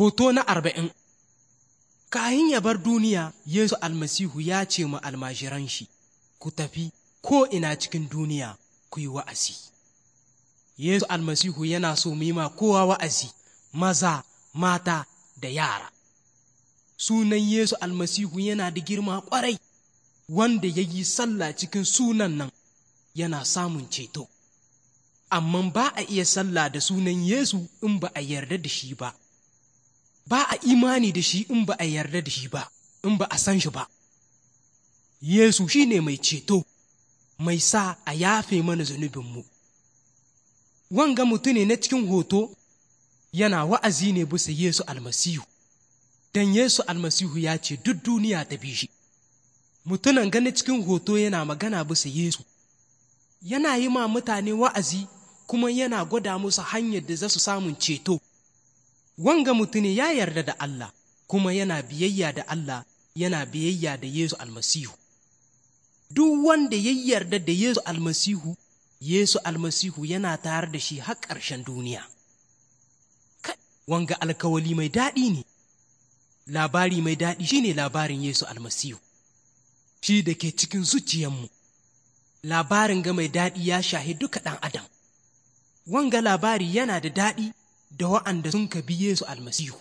Hoto na arba'in kayin ya bar duniya, Yesu almasihu ya ce ma almajiran shi, Ku tafi ko ina cikin duniya ku yi wa'azi. Yesu almasihu yana so mu ma kowa wa'azi, maza, mata da yara. Sunan Yesu almasihu yana da girma kwarai wanda ya yi sallah cikin sunan nan yana samun ceto. Amma ba a iya sallah da sunan Yesu in ba a yarda da shi ba. ba a imani da shi in ba a yarda da shi ba in ba a san shi ba yesu shi ne mai ceto mai sa a yafe mana zunubinmu wanga mutum ne na cikin hoto yana wa'azi ne bisa yesu almasihu don yesu almasihu ya ce duk duniya ta bi shi mutunan gani cikin hoto yana magana bisa yesu yana yi ma mutane wa'azi kuma yana gwada musu hanyar da za su samun ceto wanga mutuni ya yarda da Allah kuma yana biyayya da Allah yana biyayya da Yesu almasihu duk wanda ya yarda da Yesu almasihu Yesu almasihu yana tare da shi har ƙarshen duniya wanga alkawali mai daɗi ne labari mai daɗi shine labarin Yesu almasihu shi da ke cikin zuciyanmu. labarin ga mai daɗi ya shahi duka ɗan adam wanga labari yana da daɗi da wa'anda sun ka biye su almasihu